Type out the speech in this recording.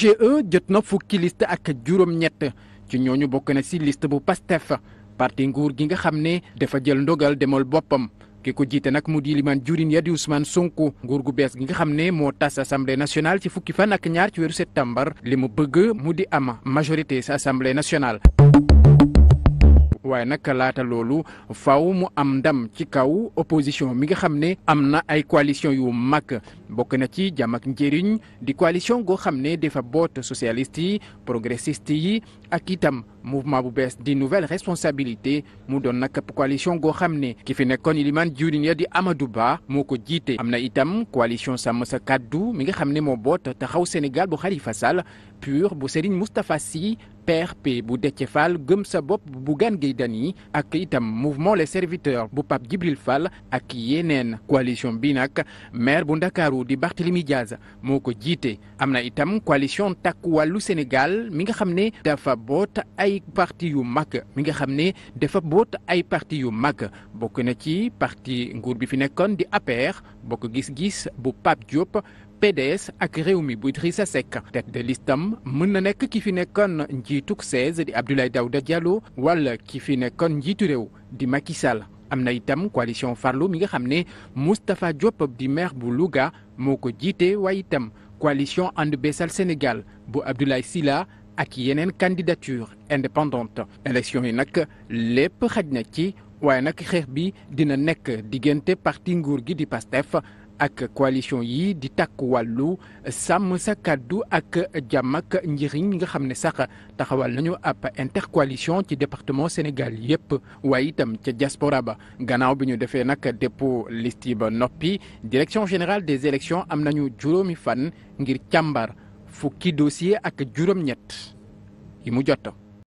GE jot na fukki liste ak juróom-ñett ci ñooñu bokk na si liste bu fa parti nguur gi nga xam ne dafa jël ndogal demal boppam ki ko jiite nag mu di limaan jurin ya di Ousmane Sonko nguur gu bees gi nga xam ne moo tas assemblée nationale ci fukki fan ak ñaar ci weeru septembre li mu bëgg mu di am majorité sa assemblée nationale. waaye nag laata loolu faw mu am ndam ci kaw opposition mi nga xam ne am na ay coalition yu mag bokk na ci jàmm ak njëriñ di coalition goo xam ne dafa boot socialiste yi progressiste yi ak itam mouvement bu bees di nouvelle responsabilité mu doon nag coalition goo xam ne ki fi nekkoon ilimaan jiwriñ ya di amadu Ba moo ko jiite. am na itam coalition sàmm sa kàddu mi nga xam ne moo boot taxaw Sénégal bu Khalifa Sall PUR bu Serigne Moustapha Sy PRP bu dece Fall gëm sa bopp bu Bougane Gueye yi ak itam mouvement les serviteurs bu Pape Djibril Fall ak yeneen coalition bi nag maire bu Ndakaaru yeewu di Barthélémy Diaz moo ko jiitee am na itam coalition takku wàllu Sénégal mi nga xam ne dafa boot ay parti yu mag mi nga xam ne dafa boot ay parti yu mag bokk na ci parti nguur bi fi nekkoon di boo ko gis-gis bu Pape Diop PDS ak réew mi bu Idrissa Seck tête de listam mën na nekk ki fi nekkoon njiituk 16 di Abdoulaye Daouda Diallo walla ki fi nekkoon njiitu réew di Macky am na itam coalition farlu mi nga xam ne Moustapha Diop di maire bu Louga moo ko jiitee waaye itam coalition ànd beesal Sénégal bu Abdoulaye Sylla ak yeneen candidature indépendante élection yi nag lépp xaj na ci waaye nag xeex bi dina nekk diggante parti nguur gi di PASTEF ak coalition yi di takk wàllu sàmm sa kàddu ak jàmm ak nga xam ne sax taxawal nañu ab intercoalition ci département Sénégal yépp waaye itam ca diaspora ba gannaaw bi ñu defee nag dépôt list yi ba noppi direction général des élections am nañu juróomi fan ngir càmbar fukki dossier ak juróom-ñett yi mu jot.